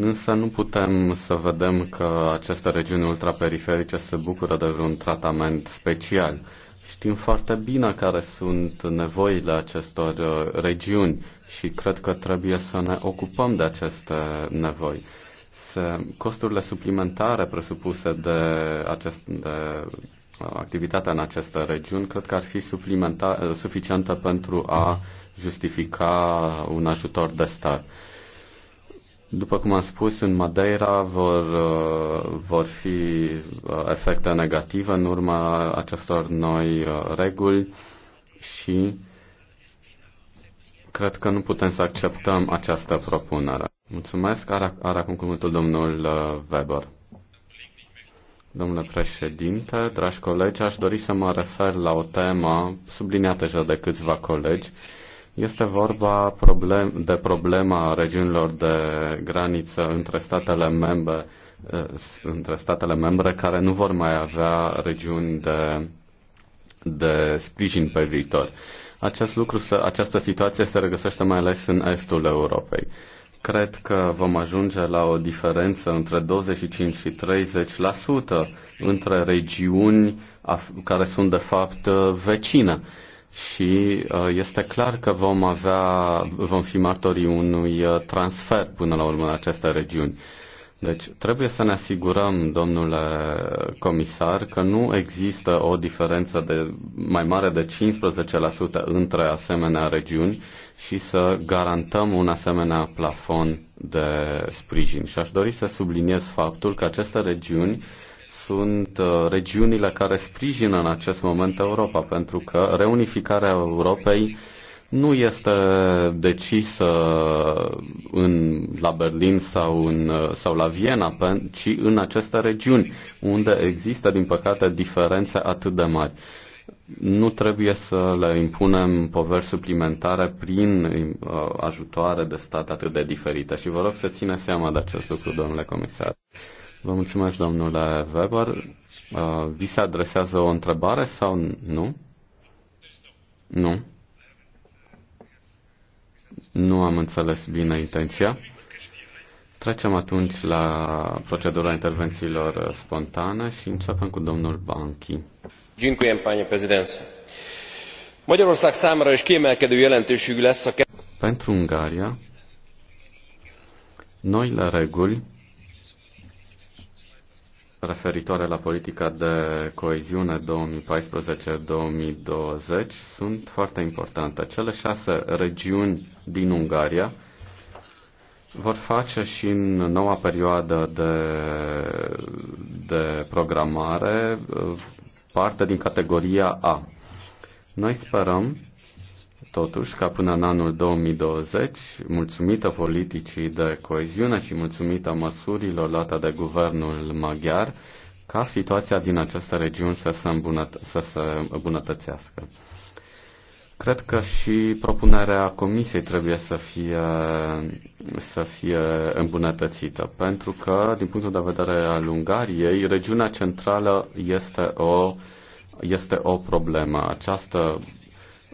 Însă nu putem să vedem că aceste regiuni ultraperiferice se bucură de un tratament special. Știm foarte bine care sunt nevoile acestor regiuni și cred că trebuie să ne ocupăm de aceste nevoi să, costurile suplimentare presupuse de, acest, de uh, activitatea în această regiuni, cred că ar fi uh, suficientă pentru a justifica un ajutor de stat. După cum am spus, în Madeira vor, uh, vor fi efecte negative în urma acestor noi reguli și Cred că nu putem să acceptăm această propunere. Mulțumesc. Are, are acum cuvântul domnul uh, Weber. Domnule președinte, dragi colegi, aș dori să mă refer la o temă subliniată deja de câțiva colegi. Este vorba problem, de problema regiunilor de graniță între statele membre, uh, între statele membre care nu vor mai avea regiuni de, de sprijin pe viitor. Uh, acest lucru, această situație se regăsește mai ales în estul Europei. Cred că vom ajunge la o diferență între 25 și 30% între regiuni care sunt de fapt vecine și uh, este clar că vom avea, vom fi martorii unui uh, transfer până la urmă în aceste regiuni. Deci trebuie să ne asigurăm, domnule comisar, că nu există o diferență de mai mare de 15% între asemenea regiuni și să garantăm un asemenea plafon de sprijin. Și aș dori să subliniez faptul că aceste regiuni sunt uh, regiunile care sprijină în acest moment Europa, pentru că reunificarea Europei nu este decisă în, la Berlin sau, în, sau la Viena, ci în aceste regiuni, unde există, din păcate, diferențe atât de mari. Nu trebuie să le impunem poveri suplimentare prin uh, ajutoare de stat atât de diferite și vă rog să țineți seama de acest lucru, domnule comisar. Vă mulțumesc, domnule Weber. Uh, vi se adresează o întrebare sau nu? Nu. Nu am înțeles bine intenția. Trecem atunci la procedura intervențiilor spontane și începem cu domnul Banchi. Dziękuję, panie prezident. Magyarország számára is kiemelkedő jelentőségű lesz a... Pentru Ungaria, noile reguli referitoare la politica de coeziune 2014-2020 sunt foarte importante. Cele șase regiuni din Ungaria vor face și în noua perioadă de, de programare uh, parte din categoria A. Noi sperăm totuși ca până în anul 2020, mulțumită politicii de coeziune și mulțumită măsurilor luate de guvernul maghiar, ca situația din această regiune să se, îmbunăt- să se îmbunătățească. Cred că și propunerea Comisiei trebuie să fie, să fie îmbunătățită, pentru că, din punctul de vedere al Ungariei, regiunea centrală este o, este o problemă. Această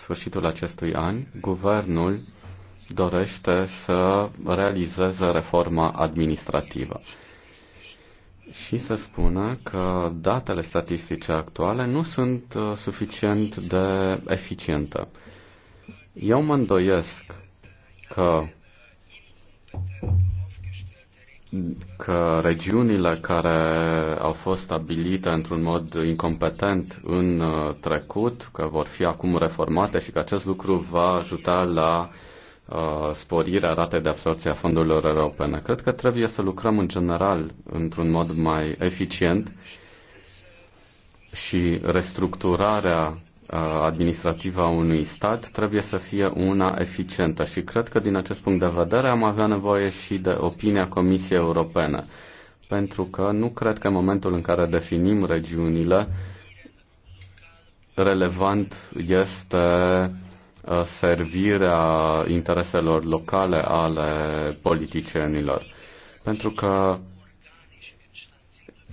sfârșitul acestui an, guvernul dorește să realizeze reforma administrativă și să spună că datele statistice actuale nu sunt uh, suficient de eficiente. Eu mă îndoiesc că că regiunile care au fost stabilite într-un mod incompetent în uh, trecut, că vor fi acum reformate și că acest lucru va ajuta la uh, sporirea ratei de absorție a fondurilor europene. Cred că trebuie să lucrăm în general într-un mod mai eficient și restructurarea Uh, administrativă a unui stat trebuie să fie una eficientă și cred că din acest punct de vedere am avea nevoie și de opinia Comisiei Europene, pentru că nu cred că în momentul în care definim regiunile, relevant este uh, servirea intereselor locale ale politicienilor. Pentru că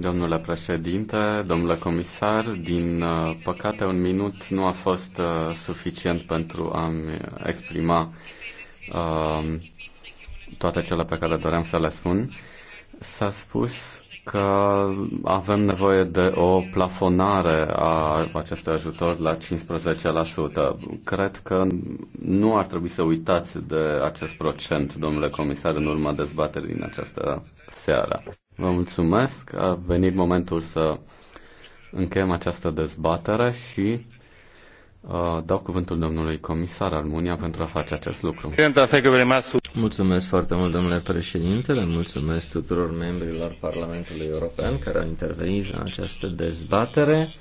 Domnule președinte, domnule comisar, din uh, păcate un minut nu a fost uh, suficient pentru a-mi exprima uh, toate cele pe care doream să le spun. S-a spus că avem nevoie de o plafonare a acestui ajutor la 15%. Cred că nu ar trebui să uitați de acest procent, domnule comisar, în urma dezbaterii din această seară. Vă mulțumesc. A venit momentul să încheiem această dezbatere și uh, dau cuvântul domnului comisar Armunia pentru a face acest lucru. Mulțumesc foarte mult, domnule președinte, le mulțumesc tuturor membrilor Parlamentului European care au intervenit în această dezbatere.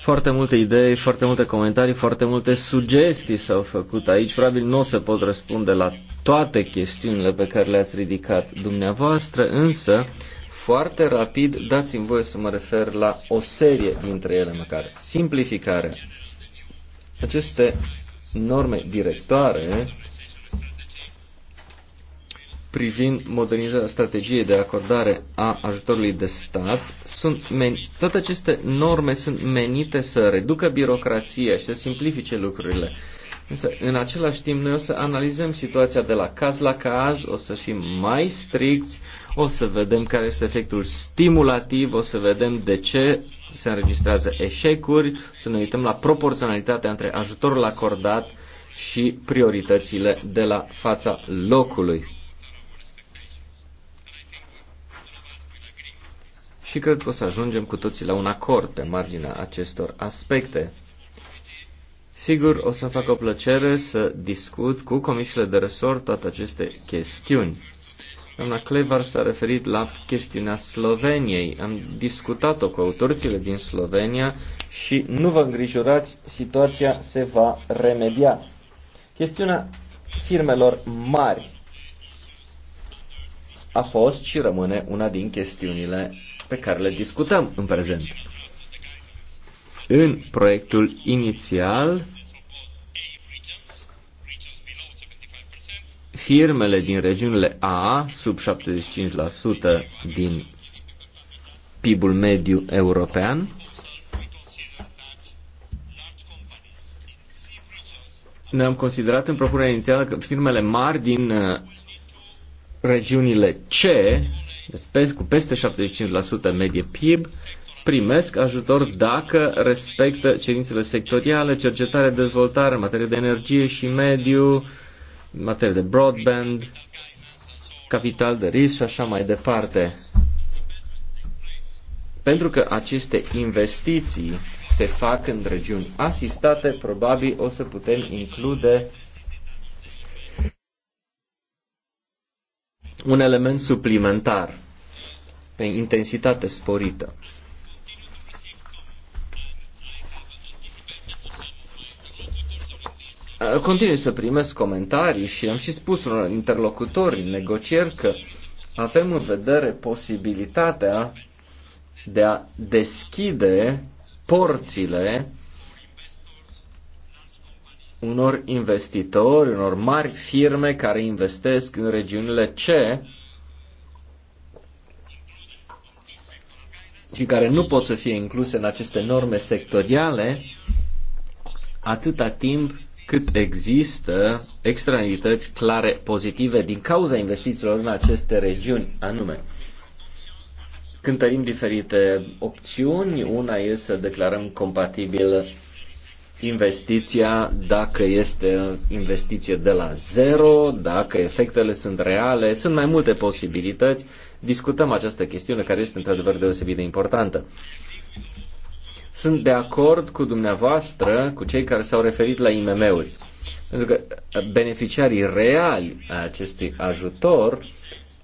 Foarte multe idei, foarte multe comentarii, foarte multe sugestii s-au făcut aici. Probabil nu o să pot răspunde la toate chestiunile pe care le-ați ridicat dumneavoastră, însă foarte rapid dați-mi voie să mă refer la o serie dintre ele măcar. Simplificarea. Aceste norme directoare privind modernizarea strategiei de acordare a ajutorului de stat, sunt men- toate aceste norme sunt menite să reducă birocrația și să simplifice lucrurile. Însă, în același timp, noi o să analizăm situația de la caz la caz, o să fim mai stricți, o să vedem care este efectul stimulativ, o să vedem de ce se înregistrează eșecuri, să ne uităm la proporționalitatea între ajutorul acordat și prioritățile de la fața locului. și cred că o să ajungem cu toții la un acord pe marginea acestor aspecte. Sigur, o să fac o plăcere să discut cu comisiile de resort toate aceste chestiuni. Doamna Clevar s-a referit la chestiunea Sloveniei. Am discutat-o cu autoritățile din Slovenia și nu vă îngrijorați, situația se va remedia. Chestiunea firmelor mari a fost și rămâne una din chestiunile pe care le discutăm în prezent. În proiectul inițial, firmele din regiunile A, sub 75% din PIB-ul mediu european, ne-am considerat în propunerea inițială că firmele mari din uh, regiunile C cu peste 75% medie PIB, primesc ajutor dacă respectă cerințele sectoriale, cercetare, dezvoltare, în materie de energie și mediu, în materie de broadband, capital de risc și așa mai departe. Pentru că aceste investiții se fac în regiuni asistate, probabil o să putem include un element suplimentar pe intensitate sporită. Uh, continui să primesc comentarii și am și spus unor interlocutori în negocieri că avem în vedere posibilitatea de a deschide porțile unor investitori, unor mari firme care investesc în regiunile C și care nu pot să fie incluse în aceste norme sectoriale atâta timp cât există externalități clare pozitive din cauza investițiilor în aceste regiuni anume cântărim diferite opțiuni. Una este să declarăm compatibil investiția dacă este investiție de la zero, dacă efectele sunt reale, sunt mai multe posibilități. Discutăm această chestiune care este într-adevăr deosebit de importantă. Sunt de acord cu dumneavoastră, cu cei care s-au referit la IMM-uri. Pentru că beneficiarii reali a acestui ajutor,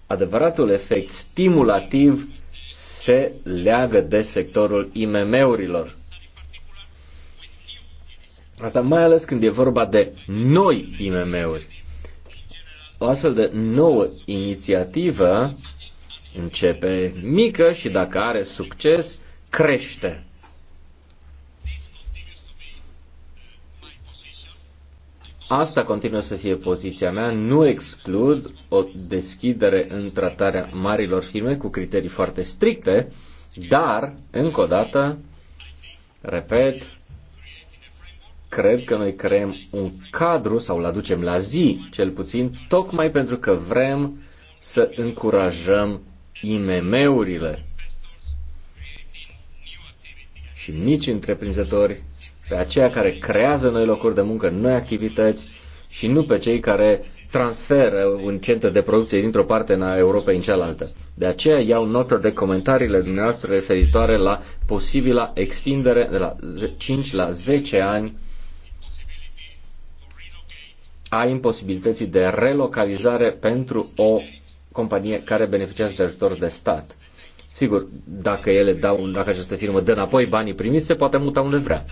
adevăratul efect stimulativ se leagă de sectorul IMM-urilor Asta mai ales când e vorba de noi IMM-uri. O astfel de nouă inițiativă începe mică și dacă are succes, crește. Asta continuă să fie poziția mea. Nu exclud o deschidere în tratarea marilor firme cu criterii foarte stricte, dar, încă o dată, repet, cred că noi creăm un cadru sau îl aducem la zi, cel puțin, tocmai pentru că vrem să încurajăm IMM-urile și mici întreprinzători, pe aceia care creează noi locuri de muncă, noi activități și nu pe cei care transferă un centru de producție dintr-o parte în Europa în cealaltă. De aceea iau notă de comentariile dumneavoastră referitoare la posibila extindere de la 5 la 10 ani a imposibilității de relocalizare pentru o companie care beneficiază de ajutor de stat. Sigur, dacă ele dau, dacă această firmă dă înapoi banii primiți, se poate muta unde vrea.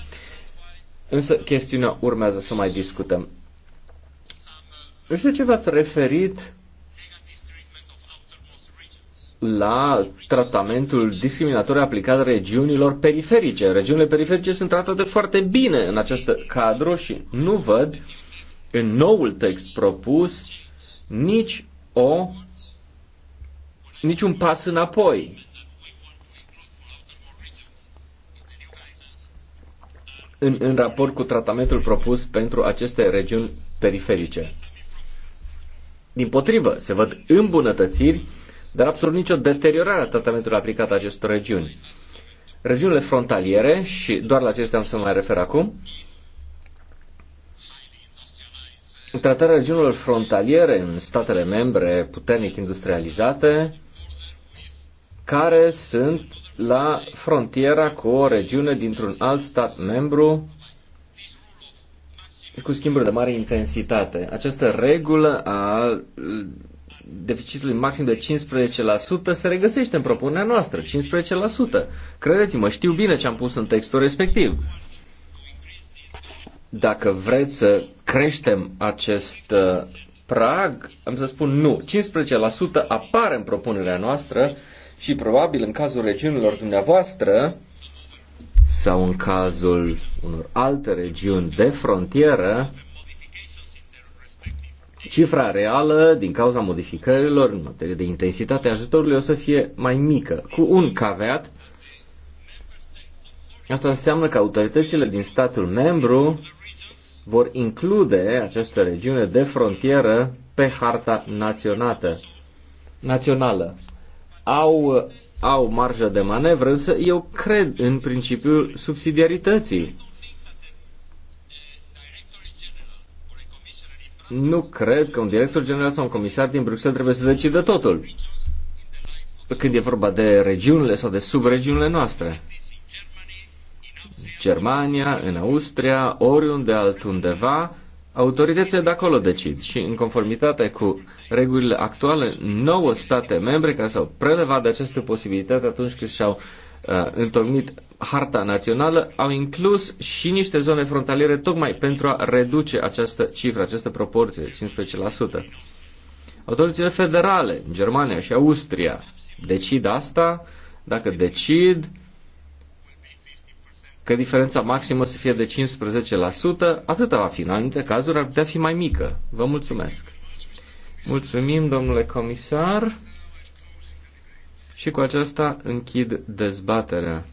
Însă chestiunea urmează să mai discutăm. Nu știu ce v-ați referit la tratamentul discriminator aplicat regiunilor periferice. Regiunile periferice sunt tratate foarte bine în acest cadru și nu văd în noul text propus nici o niciun pas înapoi. În, în raport cu tratamentul propus pentru aceste regiuni periferice. Din potrivă, se văd îmbunătățiri, dar absolut nicio deteriorare a tratamentului aplicat acestor regiuni. Regiunile frontaliere, și doar la acestea am să mă mai refer acum, uh, Tratarea regiunilor frontaliere în statele membre puternic industrializate, care sunt la frontiera cu o regiune dintr-un alt stat membru cu schimburi de mare intensitate. Această regulă a deficitului maxim de 15% se regăsește în propunerea noastră, 15%. Credeți-mă, știu bine ce am pus în textul respectiv. Dacă vreți să creștem acest uh, prag, am să spun nu. 15% apare în propunerea noastră și probabil în cazul regiunilor dumneavoastră sau în cazul unor alte regiuni de frontieră, cifra reală, din cauza modificărilor în materie de intensitate a ajutorului, o să fie mai mică, cu un caveat. Asta înseamnă că autoritățile din statul membru vor include această regiune de frontieră pe harta naționată, națională. Au, au marjă de manevră, însă eu cred în principiul subsidiarității. Nu cred că un director general sau un comisar din Bruxelles trebuie să decidă totul. Când e vorba de regiunile sau de subregiunile noastre. Germania, în Austria, oriunde altundeva, autoritățile de acolo decid și în conformitate cu regulile actuale, nouă state membre care s-au prelevat de această posibilitate atunci când și-au uh, întocmit harta națională, au inclus și niște zone frontaliere tocmai pentru a reduce această cifră, această proporție, 15%. Autoritățile federale, în Germania și Austria, decid asta, dacă decid, că diferența maximă să fie de 15%, atâta va fi. În anumite cazuri ar putea fi mai mică. Vă mulțumesc. Mulțumim, domnule comisar. Și cu aceasta închid dezbaterea.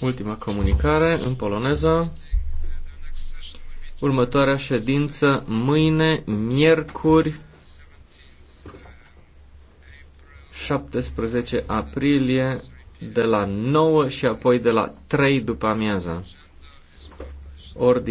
Ultima comunicare în poloneză. Următoarea ședință mâine, miercuri, 17 aprilie de la 9 și apoi de la 3 după amiaza. Ordine